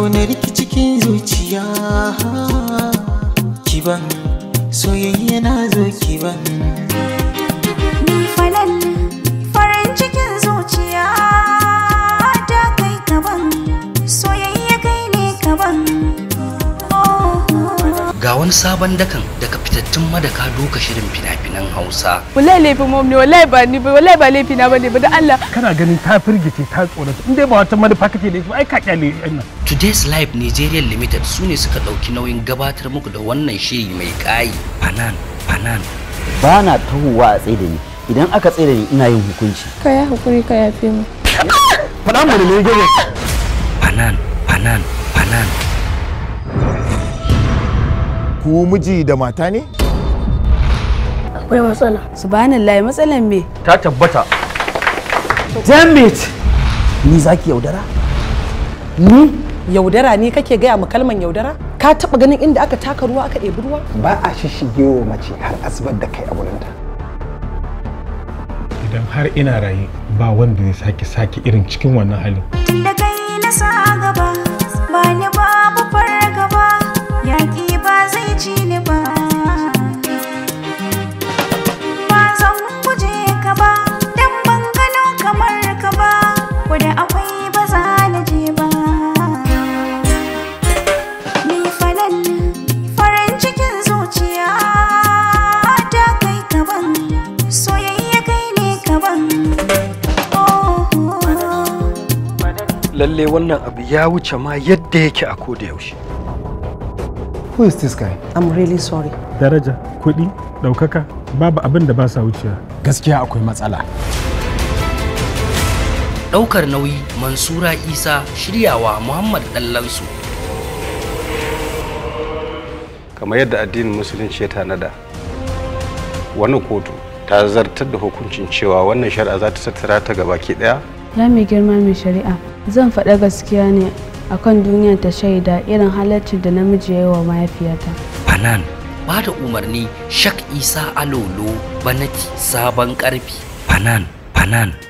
ƙaunar ki cikin zuciya ki ban soyayya na zo ki ban ni falal farin cikin zuciya ta kai kaban soyayya kai ne kaban wani sabon dakan daga fitattun madaka doka shirin fina-finan Hausa. Wallahi laifin mom ne wallahi ba ni ba wallahi ba laifi na bane ba da Allah. Kana ganin ta firgice ta tsorata in dai ba wata manufa kake da shi ai ka kyale nan. Today's Life Nigeria Limited su ne suka dauki nauyin gabatar muku da wannan shiri mai kai. Fanan, fanan. Ba na tuhuwa a tsaye da ni. Idan aka tsaye da ni ina yin hukunci. Ka ya hukuri ka yafe mu. Fanan mu ne ne Fanan, fanan, fanan. ku miji da mata ne? Akwai matsala. Subhanallah matsalan me? Ta tabbata. Damn it! Ni zaki yaudara? Ni? Yaudara ni kake gaya mu kalman yaudara? Ka taɓa ganin inda aka taka ruwa aka ɗebi ruwa? Ba a shishige wa mace har asibar da kai a wurinta. Idan har ina raye ba wanda zai sake sake irin cikin wannan halin. Tun kai na sa gaba. lalle wannan abu ya wuce ma yadda yake a koda yaushe who is this guy i'm really sorry daraja kuɗi ɗaukaka babu abin da ba sa wucewa gaskiya akwai matsala ɗaukar nauyi mansura isa shiryawa muhammad ɗallansu kamar yadda addinin musulunci ya tanada wani kotu ta zartar da hukuncin cewa wannan shari'a za ta tattara ta gaba ke ɗaya ya mai girma mai shari'a zan faɗa gaskiya ne akan duniyar ta shaida irin halaccin da namiji ya yi wa mahaifiyata fanan ba da umarni shak isa alolo banati sabon ƙarfi. fanan fanan